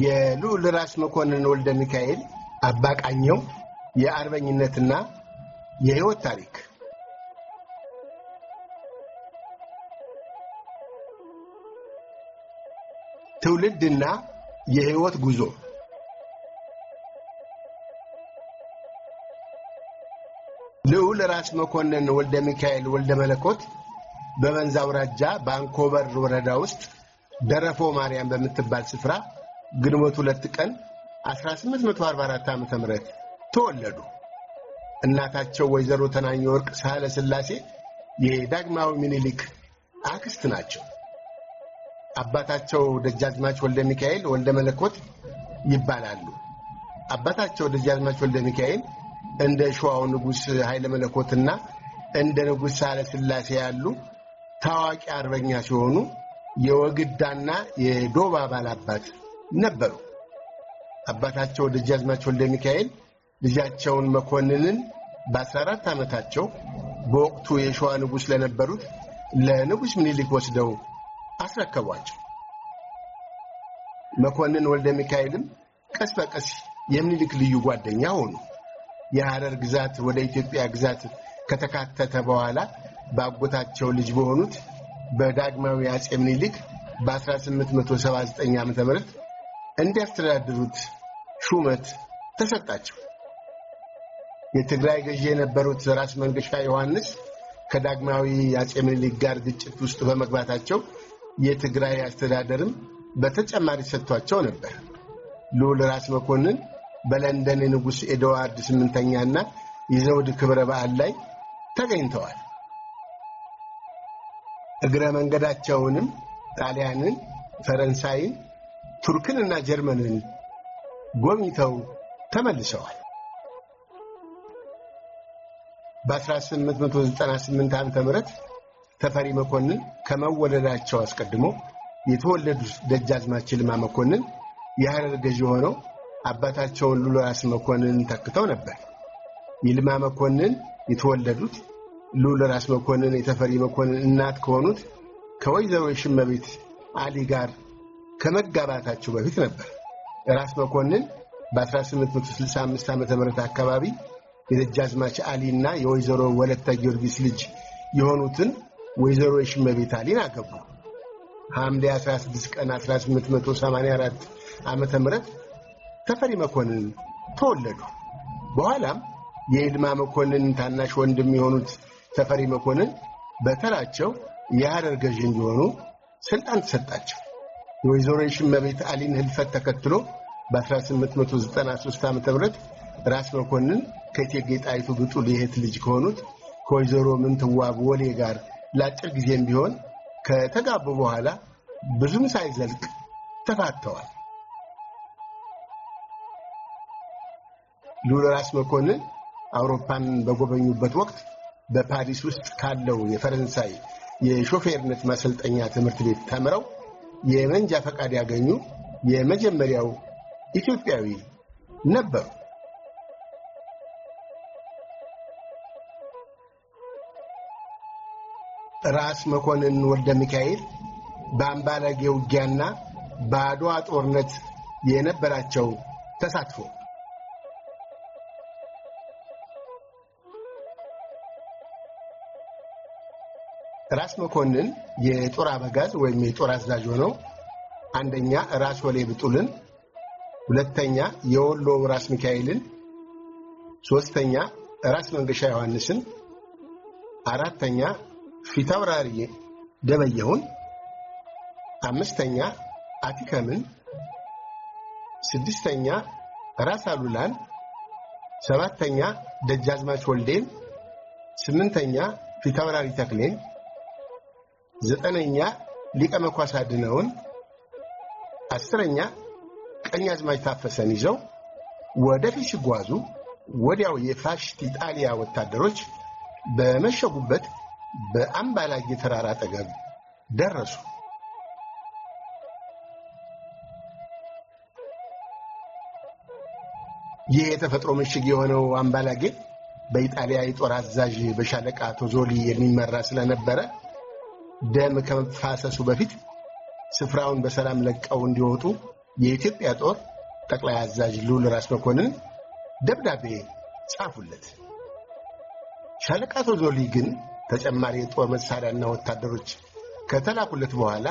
የልዑል ራስ መኮንን ወልደ ሚካኤል አባቃኘው የአርበኝነትና የሕይወት ታሪክ ትውልድና የሕይወት ጉዞ ልዑል ራስ መኮንን ወልደ ሚካኤል ወልደ መለኮት በመንዝ አውራጃ በአንኮበር ወረዳ ውስጥ ደረፎ ማርያም በምትባል ስፍራ ግንቦት ሁለት ቀን 1844 ዓ.ም ተወለዱ። እናታቸው ወይዘሮ ተናኘ ወርቅ ሳህለ ስላሴ የዳግማዊ ምኒልክ አክስት ናቸው። አባታቸው ደጃዝማች ወልደ ሚካኤል ወልደ መለኮት ይባላሉ። አባታቸው ደጃዝማች ወልደ ሚካኤል እንደ ሸዋው ንጉሥ ኃይለ መለኮትና እንደ ንጉሥ ሳህለ ስላሴ ያሉ ታዋቂ አርበኛ ሲሆኑ የወግዳና የዶባ አባት ነበሩ። አባታቸው ደጃዝማች ወልደ ሚካኤል ልጃቸውን መኮንንን በ14 ዓመታቸው በወቅቱ የሸዋ ንጉሥ ለነበሩት ለንጉሥ ምኒልክ ወስደው አስረከቧቸው። መኮንን ወልደ ሚካኤልም ቀስ በቀስ የምኒልክ ልዩ ጓደኛ ሆኑ። የሐረር ግዛት ወደ ኢትዮጵያ ግዛት ከተካተተ በኋላ በአጎታቸው ልጅ በሆኑት በዳግማዊ አፄ ምኒልክ በ1879 ዓ.ም እንዲያስተዳድሩት ሹመት ተሰጣቸው። የትግራይ ገዢ የነበሩት ራስ መንገሻ ዮሐንስ ከዳግማዊ አጼ ምኒልክ ጋር ግጭት ውስጥ በመግባታቸው የትግራይ አስተዳደርም በተጨማሪ ሰጥቷቸው ነበር። ልዑል ራስ መኮንን በለንደን የንጉሥ ኤድዋርድ ስምንተኛና የዘውድ ክብረ በዓል ላይ ተገኝተዋል። እግረ መንገዳቸውንም ጣሊያንን፣ ፈረንሳይን ቱርክንና ጀርመንን ጎብኝተው ተመልሰዋል። በ1898 ዓ ም ተፈሪ መኮንን ከመወለዳቸው አስቀድሞ የተወለዱት ደጃዝማች ልማ መኮንን የሐረር ገዢ ሆነው አባታቸውን ሉሎያስ ራስ መኮንን ተክተው ነበር። ይልማ መኮንን የተወለዱት ሉል ራስ መኮንን የተፈሪ መኮንን እናት ከሆኑት ከወይዘሮ የሽመቤት አሊ ጋር ከመጋባታቸው በፊት ነበር። ራስ መኮንን በ1865 ዓ ም አካባቢ የደጃዝማች አሊ እና የወይዘሮ ወለተ ጊዮርጊስ ልጅ የሆኑትን ወይዘሮ የሽመቤት አሊን አገቡ። ሐምሌ 16 ቀን 1884 ዓ ም ተፈሪ መኮንን ተወለዱ። በኋላም የይልማ መኮንን ታናሽ ወንድም የሆኑት ተፈሪ መኮንን በተራቸው የሐረር ገዥ እንዲሆኑ ስልጣን ተሰጣቸው። የወይዘሮ የሽመቤት አሊን ህልፈት ተከትሎ በ1893 ዓ ም ራስ መኮንን ከእቴጌ ጣይቱ ብጡል የእህት ልጅ ከሆኑት ከወይዘሮ ምንትዋብ ወሌ ጋር ለአጭር ጊዜም ቢሆን ከተጋቡ በኋላ ብዙም ሳይዘልቅ ተፋተዋል። ልዑል ራስ መኮንን አውሮፓን በጎበኙበት ወቅት በፓሪስ ውስጥ ካለው የፈረንሳይ የሾፌርነት ማሰልጠኛ ትምህርት ቤት ተምረው የመንጃ ፈቃድ ያገኙ የመጀመሪያው ኢትዮጵያዊ ነበሩ። ራስ መኮንን ወልደ ሚካኤል በአምባላጌ ውጊያና በአድዋ ጦርነት የነበራቸው ተሳትፎ ራስ መኮንን የጦር አበጋዝ ወይም የጦር አዛዥ ሆነው አንደኛ ራስ ወሌ ብጡልን፣ ሁለተኛ የወሎ ራስ ሚካኤልን፣ ሶስተኛ ራስ መንገሻ ዮሐንስን፣ አራተኛ ፊታውራሪ ደበየሁን፣ አምስተኛ አቲከምን፣ ስድስተኛ ራስ አሉላን፣ ሰባተኛ ደጃዝማች ወልዴን፣ ስምንተኛ ፊታውራሪ ተክሌን ዘጠነኛ ሊቀ መኳስ አድነውን፣ አስረኛ ቀኛዝማች ታፈሰን ይዘው ወደፊት ሲጓዙ ወዲያው የፋሽት ኢጣሊያ ወታደሮች በመሸጉበት በአምባላጌ ተራራ አጠገብ ደረሱ። ይህ የተፈጥሮ ምሽግ የሆነው አምባላጌ በኢጣሊያ የጦር አዛዥ በሻለቃ ቶዞሊ የሚመራ ስለነበረ ደም ከመፋሰሱ በፊት ስፍራውን በሰላም ለቀው እንዲወጡ የኢትዮጵያ ጦር ጠቅላይ አዛዥ ልዑል ራስ መኮንን ደብዳቤ ጻፉለት። ሻለቃ ቶዞሊ ግን ተጨማሪ የጦር መሳሪያና ወታደሮች ከተላኩለት በኋላ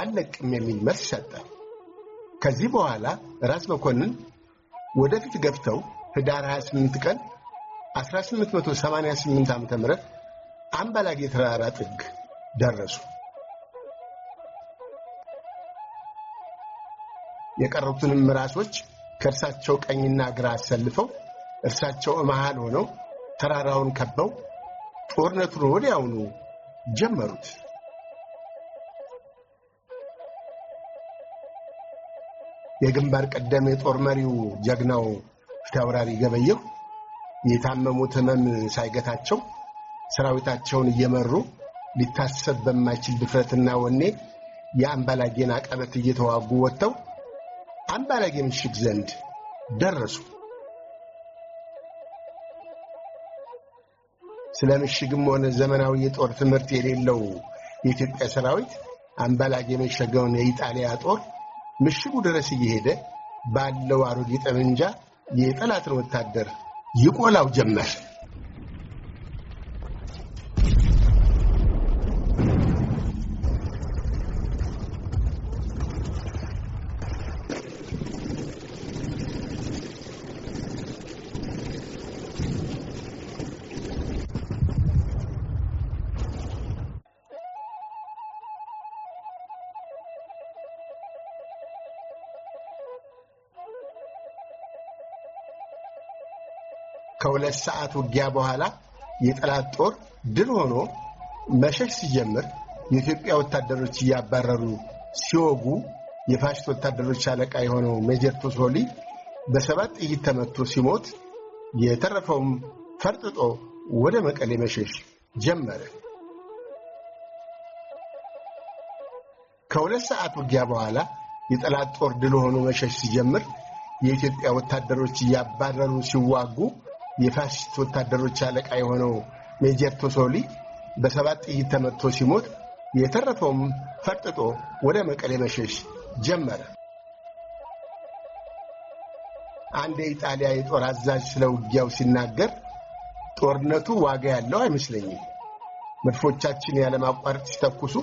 አለቅም የሚል መልስ ሰጠ። ከዚህ በኋላ ራስ መኮንን ወደፊት ገብተው ህዳር 28 ቀን 1888 ዓ.ም አምባላጌ ተራራ ጥግ ደረሱ። የቀሩትንም ራሶች ከእርሳቸው ቀኝና ግራ አሰልፈው እርሳቸው መሃል ሆነው ተራራውን ከበው ጦርነቱን ወዲያውኑ ጀመሩት። የግንባር ቀደም የጦር መሪው ጀግናው ፊታውራሪ ገበየሁ የታመሙት ሕመም ሳይገታቸው ሰራዊታቸውን እየመሩ ሊታሰብ በማይችል ድፍረትና ወኔ የአምባላጌን አቀበት እየተዋጉ ወጥተው አምባላጌ ምሽግ ዘንድ ደረሱ። ስለ ምሽግም ሆነ ዘመናዊ የጦር ትምህርት የሌለው የኢትዮጵያ ሰራዊት አምባላጌ የመሸገውን የኢጣሊያ ጦር ምሽጉ ድረስ እየሄደ ባለው አሮጌ ጠመንጃ የጠላትን ወታደር ይቆላው ጀመር። ከሁለት ሰዓት ውጊያ በኋላ የጠላት ጦር ድል ሆኖ መሸሽ ሲጀምር የኢትዮጵያ ወታደሮች እያባረሩ ሲወጉ የፋሽት ወታደሮች አለቃ የሆነው ሜጀር ቶሶሊ በሰባት ጥይት ተመቶ ሲሞት የተረፈውም ፈርጥጦ ወደ መቀሌ መሸሽ ጀመረ። ከሁለት ሰዓት ውጊያ በኋላ የጠላት ጦር ድል ሆኖ መሸሽ ሲጀምር የኢትዮጵያ ወታደሮች እያባረሩ ሲዋጉ የፋሽስት ወታደሮች አለቃ የሆነው ሜጀር ቶሶሊ በሰባት ጥይት ተመትቶ ሲሞት የተረፈውም ፈርጥጦ ወደ መቀሌ መሸሽ ጀመረ። አንድ የኢጣሊያ የጦር አዛዥ ስለ ውጊያው ሲናገር ጦርነቱ ዋጋ ያለው አይመስለኝም። መድፎቻችን ያለማቋረጥ ሲተኩሱ፣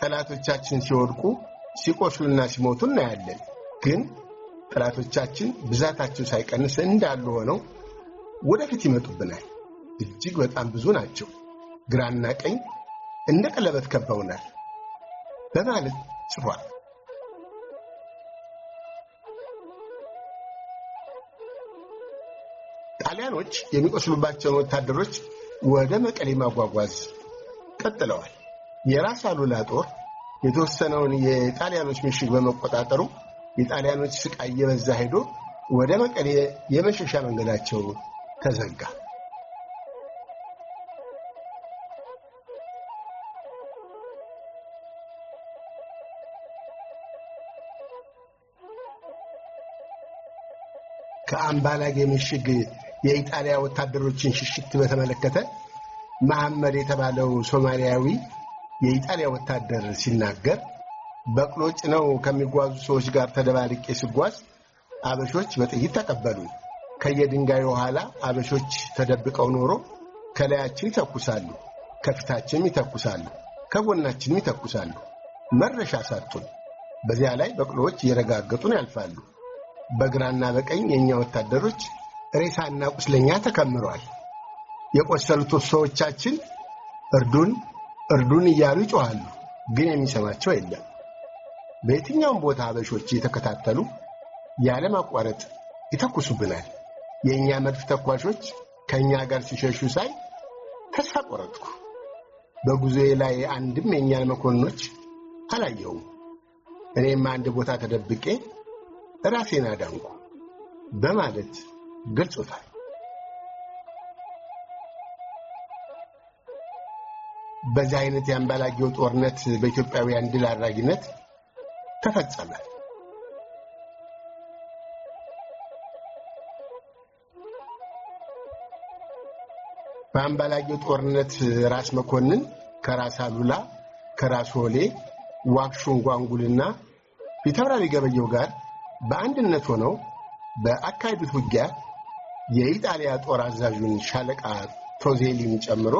ጠላቶቻችን ሲወድቁ፣ ሲቆስሉና ሲሞቱ እናያለን። ግን ጠላቶቻችን ብዛታቸው ሳይቀንስ እንዳሉ ሆነው ወደፊት ይመጡብናል። እጅግ በጣም ብዙ ናቸው። ግራና ቀኝ እንደ ቀለበት ከበውናል በማለት ጽፏል። ጣሊያኖች የሚቆስሉባቸውን ወታደሮች ወደ መቀሌ ማጓጓዝ ቀጥለዋል። የራስ አሉላ ጦር የተወሰነውን የጣሊያኖች ምሽግ በመቆጣጠሩ የጣሊያኖች ስቃይ እየበዛ ሄዶ ወደ መቀሌ የመሸሻ መንገዳቸው ተዘጋ። ከአምባላጌ ምሽግ የኢጣሊያ ወታደሮችን ሽሽት በተመለከተ መሐመድ የተባለው ሶማሊያዊ የኢጣሊያ ወታደር ሲናገር በቅሎ ጭነው ከሚጓዙ ሰዎች ጋር ተደባልቄ ስጓዝ አበሾች በጥይት ተቀበሉ። ከየድንጋዩ ኋላ አበሾች ተደብቀው ኖሮ ከላያችን ይተኩሳሉ፣ ከፊታችንም ይተኩሳሉ፣ ከጎናችንም ይተኩሳሉ። መረሻ ሳቱን በዚያ ላይ በቅሎዎች እየረጋገጡን ያልፋሉ። በግራና በቀኝ የእኛ ወታደሮች ሬሳና ቁስለኛ ተከምረዋል። የቆሰሉት ሰዎቻችን እርዱን እርዱን እያሉ ይጮሃሉ ግን የሚሰማቸው የለም። በየትኛውም ቦታ አበሾች እየተከታተሉ ያለማቋረጥ ይተኩሱብናል። የእኛ መድፍ ተኳሾች ከእኛ ጋር ሲሸሹ ሳይ ተስፋ ቆረጥኩ። በጉዞዬ ላይ አንድም የእኛን መኮንኖች አላየውም እኔም አንድ ቦታ ተደብቄ ራሴን አዳንኩ በማለት ገልጾታል። በዚህ አይነት የአምባላጌው ጦርነት በኢትዮጵያውያን ድል አድራጊነት ተፈጸመ። በአምባላጌው ጦርነት ራስ መኮንን ከራስ አሉላ ከራስ ሆሌ ዋክሹን ጓንጉልና ፊታውራሪ ገበየው ጋር በአንድነት ሆነው በአካሄዱት ውጊያ የኢጣሊያ ጦር አዛዡን ሻለቃ ቶዜሊን ጨምሮ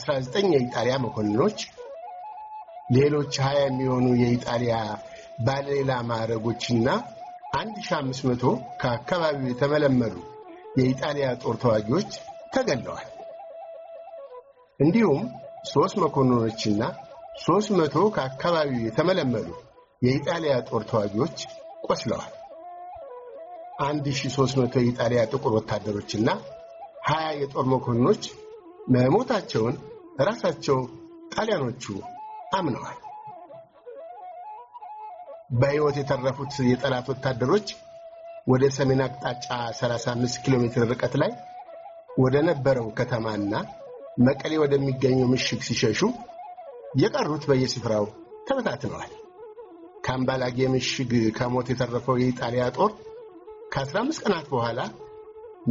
19 የኢጣሊያ መኮንኖች፣ ሌሎች 20 የሚሆኑ የኢጣሊያ ባለሌላ ማዕረጎችና 1500 ከአካባቢው የተመለመሉ የኢጣሊያ ጦር ተዋጊዎች ተገለዋል። እንዲሁም ሦስት መኮንኖችና ሦስት መቶ ከአካባቢው የተመለመሉ የኢጣሊያ ጦር ተዋጊዎች ቆስለዋል። አንድ መቶ የኢጣሊያ ጥቁር ወታደሮችና 20 የጦር መኮንኖች መሞታቸውን ራሳቸው ጣሊያኖቹ አምነዋል። በሕይወት የተረፉት የጠላት ወታደሮች ወደ ሰሜን አቅጣጫ 35 ኪሎ ሜትር ርቀት ላይ ወደ ነበረው ከተማና መቀሌ ወደሚገኘው ምሽግ ሲሸሹ የቀሩት በየስፍራው ተበታትነዋል። ከአምባላጌ ምሽግ ከሞት የተረፈው የኢጣሊያ ጦር ከአስራ 15 ቀናት በኋላ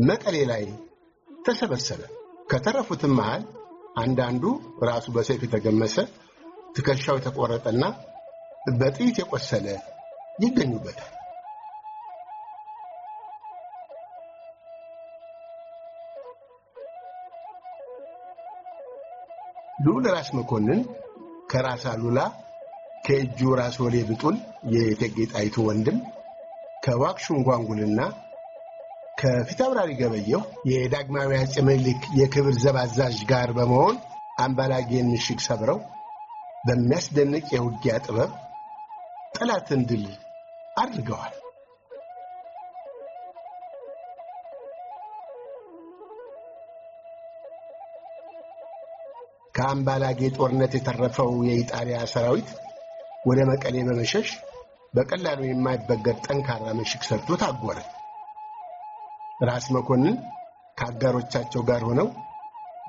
መቀሌ ላይ ተሰበሰበ። ከተረፉትም መሃል አንዳንዱ ራሱ በሰይፍ የተገመሰ ትከሻው የተቆረጠና በጥይት የቆሰለ ይገኙበታል። ልዑል ራስ መኮንን ከራስ አሉላ ከእጁ ራስ ወሌ ብጡል የእቴጌ ጣይቱ ወንድም ከዋክሹም ጓንጉንና ከፊታውራሪ ገበየሁ የዳግማዊ አፄ ምኒልክ የክብር ዘብ አዛዥ ጋር በመሆን አምባላጌን ምሽግ ሰብረው በሚያስደንቅ የውጊያ ጥበብ ጠላትን ድል አድርገዋል። ከአምባላጌ ጦርነት የተረፈው የኢጣሊያ ሰራዊት ወደ መቀሌ በመሸሽ በቀላሉ የማይበገር ጠንካራ ምሽግ ሰርቶ ታጎረ። ራስ መኮንን ከአጋሮቻቸው ጋር ሆነው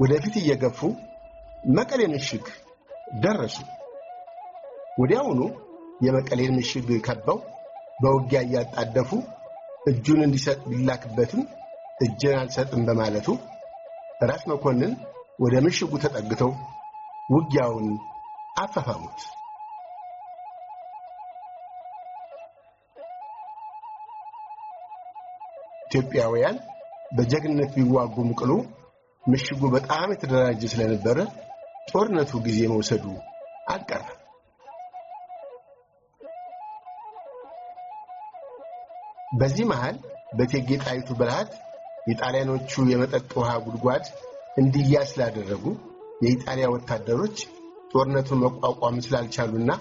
ወደፊት እየገፉ መቀሌ ምሽግ ደረሱ። ወዲያውኑ የመቀሌን ምሽግ ከበው በውጊያ እያጣደፉ እጁን እንዲሰጥ ቢላክበትም እጅን አልሰጥም በማለቱ ራስ መኮንን ወደ ምሽጉ ተጠግተው ውጊያውን አፋፋሙት። ኢትዮጵያውያን በጀግንነት ቢዋጉም ቅሉ ምሽጉ በጣም የተደራጀ ስለነበረ ጦርነቱ ጊዜ መውሰዱ አልቀረ። በዚህ መሃል በእቴጌ ጣይቱ ብልሃት የጣሊያኖቹ የመጠጥ ውሃ ጉድጓድ እንዲያ ስላደረጉ የኢጣሊያ ወታደሮች ጦርነቱን መቋቋም ስላልቻሉና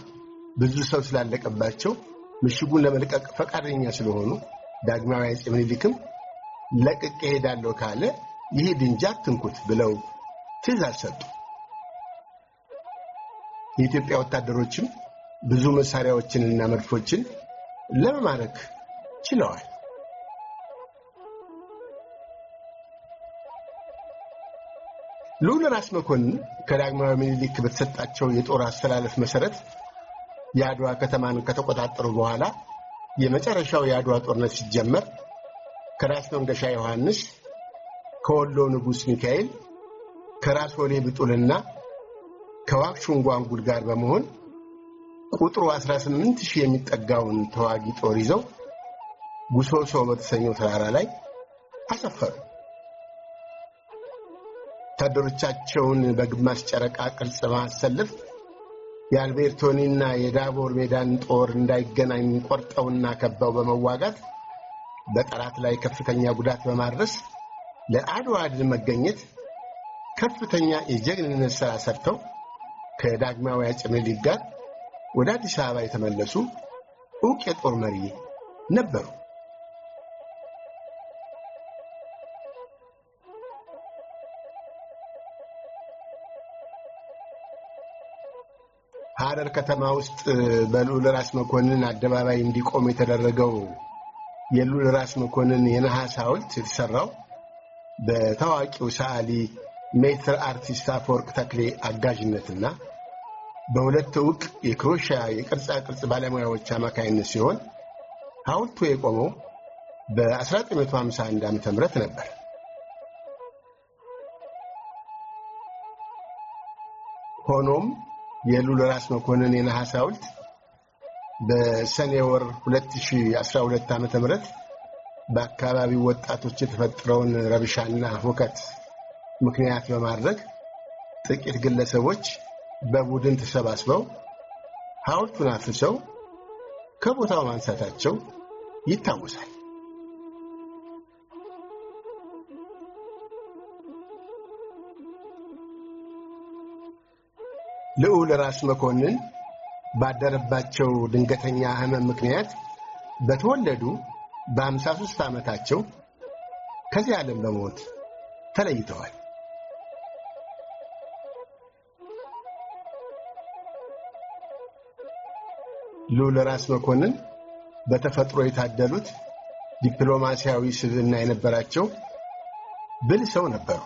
ብዙ ሰው ስላለቀባቸው ምሽጉን ለመልቀቅ ፈቃደኛ ስለሆኑ ዳግማዊ አፄ ምኒልክም ለቅቄ እሄዳለሁ ካለ ይሄድ ድንጃ አትንኩት ብለው ትዝ ሰጡ። የኢትዮጵያ ወታደሮችም ብዙ መሳሪያዎችንና መድፎችን ለመማረክ ችለዋል። ልዑል ራስ መኮንን ከዳግማዊ ምኒልክ በተሰጣቸው የጦር አስተላለፍ መሰረት የአድዋ ከተማን ከተቆጣጠሩ በኋላ የመጨረሻው የአድዋ ጦርነት ሲጀመር ከራስ መንገሻ ዮሐንስ፣ ከወሎ ንጉሥ ሚካኤል፣ ከራስ ወሌ ብጡልና ጓንጉል ጋር በመሆን ቁጥሩ 18 ሺህ የሚጠጋውን ተዋጊ ጦር ይዘው ጉሶሶ በተሰኘው ተራራ ላይ አሰፈሩ። ወታደሮቻቸውን በግማሽ ጨረቃ ቅርጽ ማሰልፍ የአልቤርቶኒና የዳቦር ሜዳን ጦር እንዳይገናኝ ቆርጠውና ከበው በመዋጋት በጠላት ላይ ከፍተኛ ጉዳት በማድረስ ለአድዋ ድል መገኘት ከፍተኛ የጀግንነት ሥራ ሰርተው ከዳግማዊ አፄ ምኒልክ ጋር ወደ አዲስ አበባ የተመለሱ ዕውቅ የጦር መሪ ነበሩ። ሀረር ከተማ ውስጥ በልዑል ራስ መኮንን አደባባይ እንዲቆም የተደረገው የልዑል ራስ መኮንን የነሐስ ሐውልት የተሰራው በታዋቂው ሰዓሊ ሜትር አርቲስት አፈወርቅ ተክሌ አጋዥነትና በሁለት ዕውቅ የክሮሻ የቅርጻ ቅርጽ ባለሙያዎች አማካይነት ሲሆን ሐውልቱ የቆመው በ1951 ዓ ም ነበር። ሆኖም የሉል ራስ መኮንን የነሐስ ሐውልት በሰኔ ወር 2012 ዓ ም በአካባቢው ወጣቶች የተፈጠረውን ረብሻና ሁከት ምክንያት በማድረግ ጥቂት ግለሰቦች በቡድን ተሰባስበው ሐውልቱን አፍሰው ከቦታው ማንሳታቸው ይታወሳል። ልዑል ራስ መኮንን ባደረባቸው ድንገተኛ ህመም ምክንያት በተወለዱ በአምሳ 53 ዓመታቸው ከዚህ ዓለም በሞት ተለይተዋል። ልዑል ራስ መኮንን በተፈጥሮ የታደሉት ዲፕሎማሲያዊ ስብዕና የነበራቸው ብል ሰው ነበሩ።